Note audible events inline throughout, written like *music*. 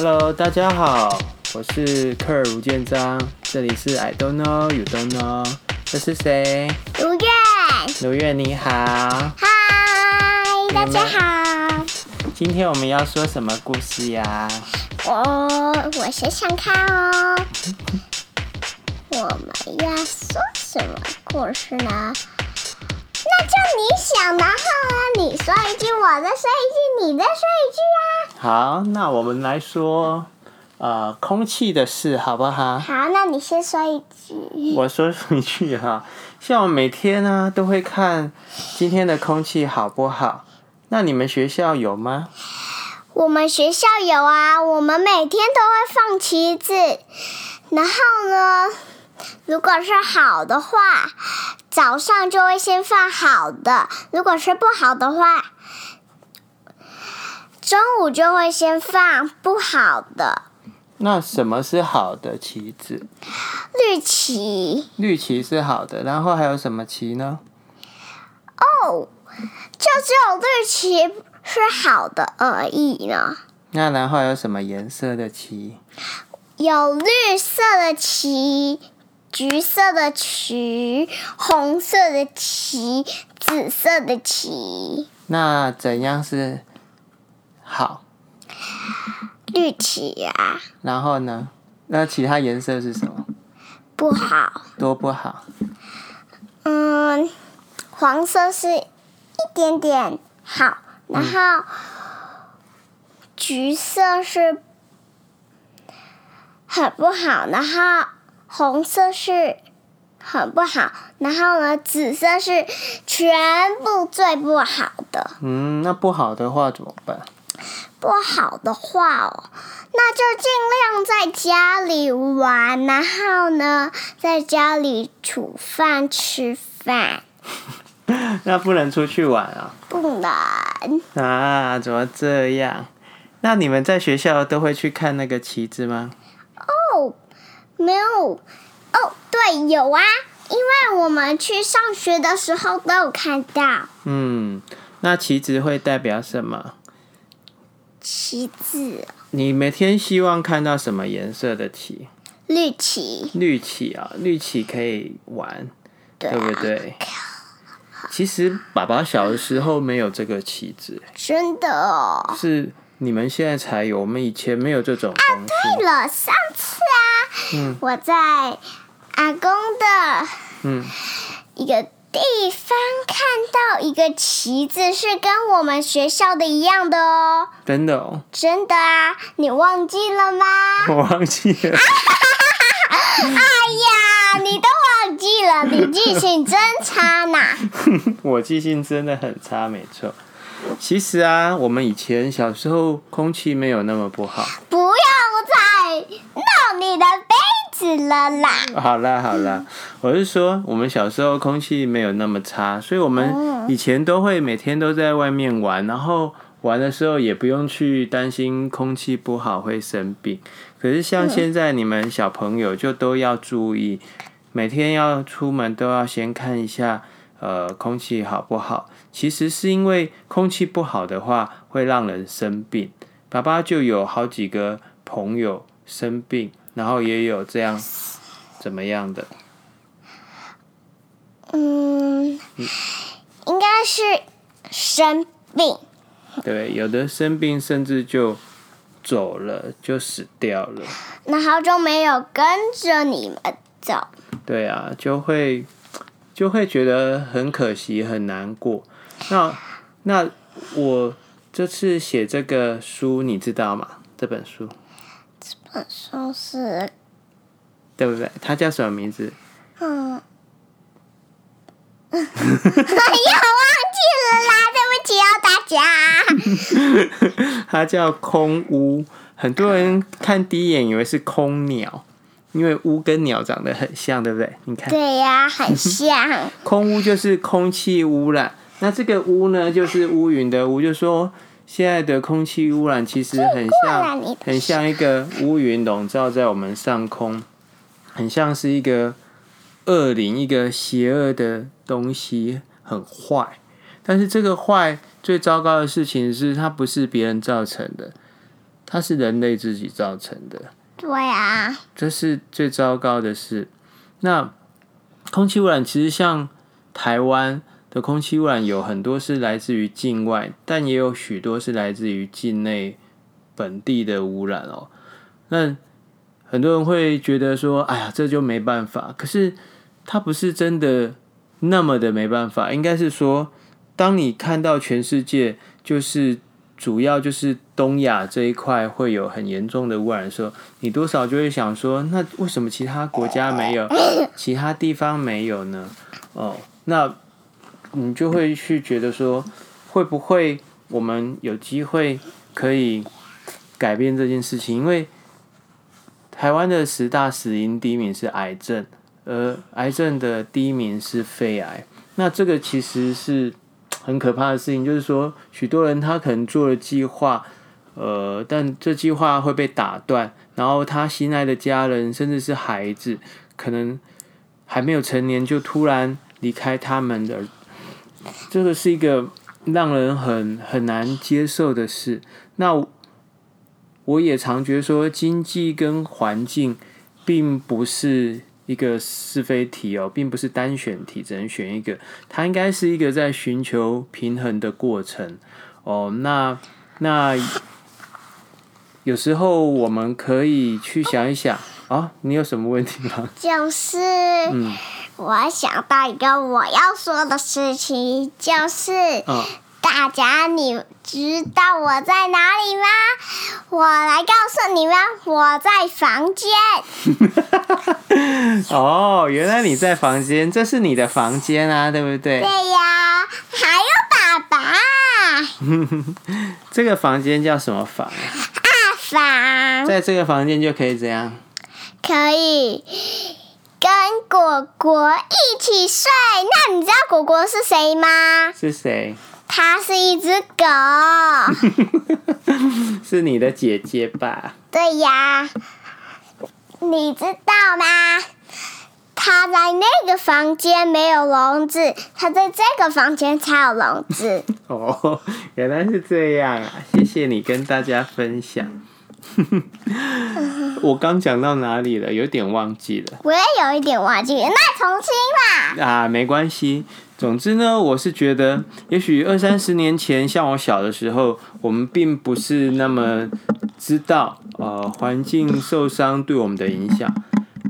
Hello，大家好，我是克爾吳建章，這裡是 I don't know, you don't know。這是誰？盧月。盧月你好。Hi，大家好。今天我們要說什麼故事呀？我我想想看哦。我們要說什麼故事呢？那就你想，然後呢？你說一句，我再說一句，你再說一句啊。好，那我們來說，呃，空氣的事，好不好？好，那你先說一句。我說一句哈，像我每天呢、啊、都會看今天的空氣好不好？那你們學校有嗎？我們學校有啊，我們每天都會放旗子，然後呢，如果是好的話。早上就會先放好的，如果是不好的話，中午就會先放不好的。那什麼是好的棋子？綠棋。綠棋是好的，然後還有什麼棋呢？哦，oh, 就只有綠棋是好的而已呢。那然後還有什麼顏色的棋？有綠色的棋。橘色的旗，紅色的旗，紫色的旗。那怎樣是好？綠旗呀、啊。然後呢？那其他顏色是什麼？不好。多不好。嗯，黃色是一點點好，嗯、然後橘色是很不好，然後。紅色是很不好，然後呢，紫色是全部最不好的。嗯，那不好的話怎麼辦？不好的話哦，那就盡量在家裡玩，然後呢，在家裡煮飯吃飯。 *laughs* 那不能出去玩啊！不能。啊，怎麼這樣？那你們在學校都會去看那個旗子嗎？沒有，哦，對，有啊，因為我們去上學的時候都有看到。嗯，那旗子會代表什麼？旗子。你每天希望看到什麼顏色的旗？綠旗棋。綠旗啊，綠旗可以玩，對，對不對？好其實爸爸小的時候沒有這個旗子。真的哦。是你們現在才有，我們以前沒有這種。啊，對了，上次啊。嗯、我在阿公的嗯一個地方看到一個旗子，是跟我們學校的一樣的哦。真的哦？真的啊！你忘記了嗎？我忘記了。 *laughs* 哎呀，你都忘記了， *laughs* 你記性真差吶！我記性真的很差，沒錯。其實啊，我們以前小時候空氣沒有那麼不好。不啦啦好啦好啦，我是說，我們小時候空氣沒有那麼差，所以我們以前都會每天都在外面玩，然後玩的時候也不用去擔心空氣不好會生病。可是像現在、嗯、你們小朋友就都要注意，每天要出門都要先看一下，呃，空氣好不好？其實是因為空氣不好的話會讓人生病。爸爸就有好幾個朋友生病。然後也有這樣，怎麼樣的？嗯，應該是生病。對，有的生病，甚至就走了，就死掉了。那好久沒有跟着你們走。對啊，就會就會覺得很可惜，很難過。那那我這次寫這個書，你知道嗎？這本書。很舒適，對不對？它叫什麼名字？嗯，我、嗯、 *laughs* 忘記了啦， *laughs* 對不起哦，大家。它 *laughs* 叫空烏。很多人看第一眼以為是空鳥，因為烏跟鳥長得很像，對不對？你看，對呀、啊，很像。 *laughs* 空烏就是空氣污染，那這個烏呢，就是烏雲的烏，就是、說。現在的空氣污染其實很像，很像一個烏雲籠罩在我們上空，很像是一個惡靈，一個邪惡的東西，很壞。但是這個壞最糟糕的事情是，它不是別人造成的，它是人類自己造成的。對啊，這是最糟糕的事。那空氣污染其實像台灣。的空氣污染有很多是來自於境外，但也有許多是來自於境內本地的污染哦。那很多人會覺得說：“哎呀，這就沒辦法。”可是它不是真的那麼的沒辦法，應該是說，當你看到全世界，就是主要就是東亞這一塊會有很嚴重的污染的時候，你多少就會想說：“那為什麼其他國家沒有，其他地方沒有呢？”哦，那。你就會去覺得說，會不會我們有機會可以改變這件事情？因為台灣的十大死因第一名是癌症，而癌症的第一名是肺癌。那這個其實是很可怕的事情，就是說，許多人他可能做了計劃，呃，但這計劃會被打斷，然後他心愛的家人，甚至是孩子，可能還沒有成年就突然離開他們的。這個是一個讓人很很難接受的事。那我也常覺得，說，經濟跟環境並不是一個是非題哦，並不是單選題，只能選一個。它應該是一個在尋求平衡的過程哦。那那有時候我們可以去想一想、哦、啊，你有什麼問題嗎？講事嗯。我想到一個我要說的事情，就是、哦、大家你知道我在哪裡嗎？我來告訴你們，我在房間。 *laughs* 哦，原來你在房間，這是你的房間啊，對不對？對呀，還有爸爸。 *laughs* 這個房間叫什麼房？二房。在這個房間就可以這樣？可以。果果一起睡。那你知道果果是誰嗎？是誰？它是一隻狗， *laughs* 是你的姐姐吧？對呀，你知道嗎？它在那個房間沒有籠子，它在這個房間才有籠子。 *laughs* 哦，原來是這樣啊！謝謝你跟大家分享。 *laughs* 我剛講到哪裡了？有點忘記了。我也有一點忘記，那重新吧。啊，沒關係。總之呢，我是覺得，也許二三十年前，像我小的時候，我們並不是那麼知道呃環境受傷對我們的影響。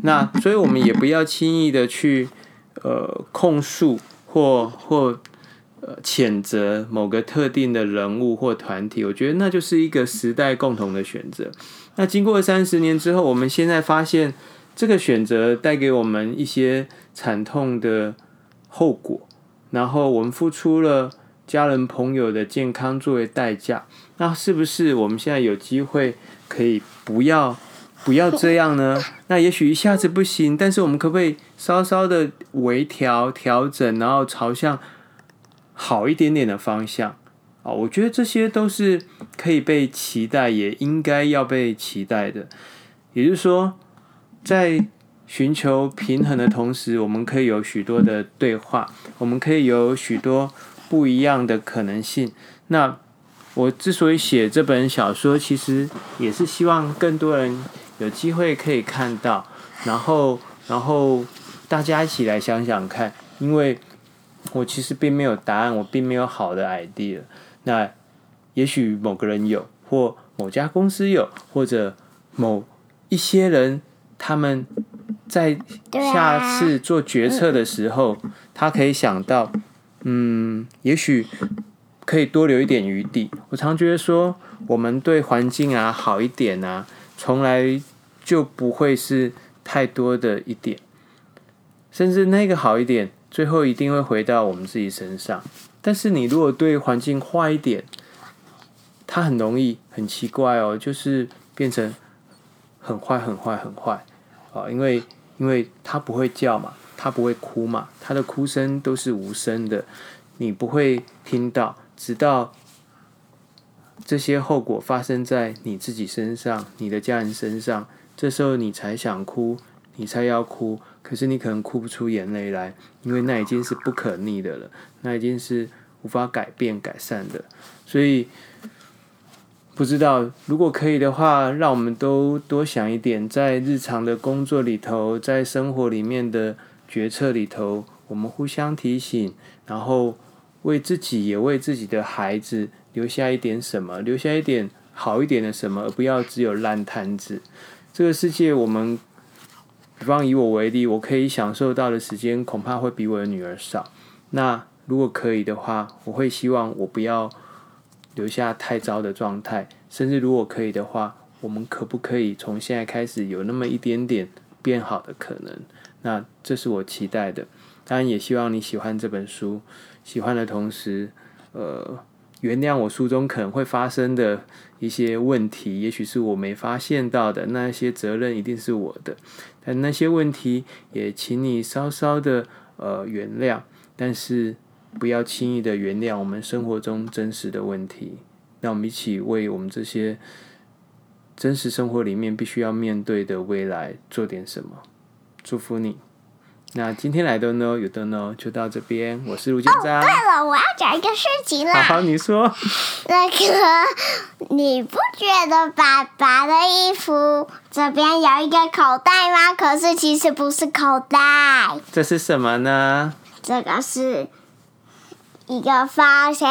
那所以，我們也不要輕易的去呃控訴或或。或呃，譴責某個特定的人物或團體，我覺得那就是一個時代共同的選擇。那經過三十年之後，我們現在發現這個選擇帶給我們一些慘痛的後果，然後我們付出了家人朋友的健康作為代價。那是不是我們現在有機會可以不要，不要這樣呢？那也許一下子不行，但是我們可不可以稍稍的微調調整，然後朝向……好一點點的方向啊，我覺得這些都是可以被期待，也應該要被期待的。也就是說，在尋求平衡的同時，我們可以有許多的對話，我們可以有許多不一樣的可能性。那我之所以寫這本小說，其實也是希望更多人有機會可以看到，然後，然後大家一起來想想看，因為。我其實並沒有答案，我並沒有好的 idea。那也許某個人有，或某家公司有，或者某一些人，他們在下次做決策的時候，他可以想到，嗯，也許可以多留一點餘地。我常覺得說，我們對環境啊好一點啊，從來就不會是太多的一點，甚至那個好一點。最後一定會回到我們自己身上，但是你如果對環境壞一點，它很容易很奇怪哦，就是變成很壞、很壞、很壞啊！因為因為它不會叫嘛，它不會哭嘛，它的哭聲都是無聲的，你不會聽到。直到這些後果發生在你自己身上、你的家人身上，這時候你才想哭，你才要哭。可是你可能哭不出眼淚來，因為那已經是不可逆的了，那已經是無法改變改善的。所以不知道，如果可以的話，讓我們都多想一點，在日常的工作裡頭，在生活裡面的決策裡頭，我們互相提醒，然後為自己也為自己的孩子留下一點什麼，留下一點好一點的什麼，而不要只有爛攤子。這個世界我們。比方以我為例，我可以享受到的時間恐怕會比我的女兒少。那如果可以的話，我會希望我不要留下太糟的狀態。甚至如果可以的話，我們可不可以從現在開始有那麼一點點變好的可能？那這是我期待的。當然，也希望你喜歡這本書，喜歡的同時，呃。原諒我書中可能會發生的一些問題，也許是我沒發現到的，那些責任一定是我的，但那些問題也請你稍稍的呃原諒，但是不要輕易的原諒我們生活中真實的問題。那我們一起為我們這些真實生活裡面必須要面對的未來做點什麼？祝福你。那今天來的呢，有的呢，就到這邊。我是盧金章。哦，對了，我要講一個事情啦。好好，你說。那個，你不覺得爸爸的衣服這邊有一個口袋嗎？可是其實不是口袋。這是什麼呢？這個是一個方形。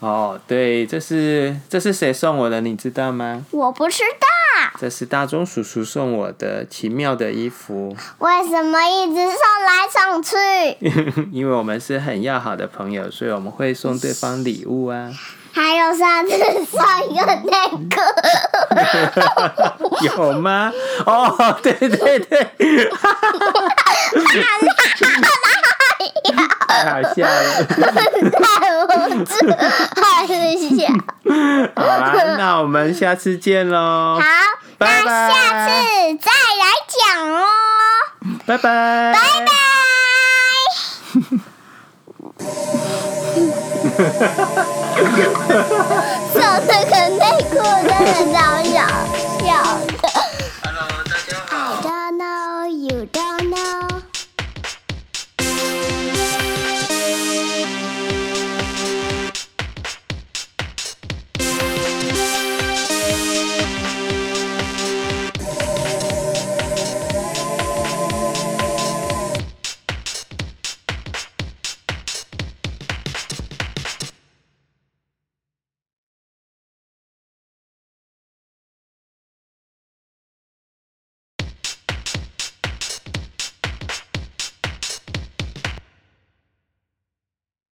哦，對，這是這是誰送我的？你知道嗎？我不知道。這是大鐘叔叔送我的奇妙的衣服。為什麼一直送來送去？ *laughs* 因為我們是很要好的朋友，所以我們會送對方禮物啊。還有上次上一個那個， *laughs* *laughs* 有嗎？哦、oh，對對對。 *laughs* *laughs* 太好笑了， *laughs* 太無助，好笑。好啦、啊，那我們下次見嘍。好，那下次再來講哦。拜拜。拜拜 *laughs* *laughs* 哈這哈！哈哈！哈哈！哈哈！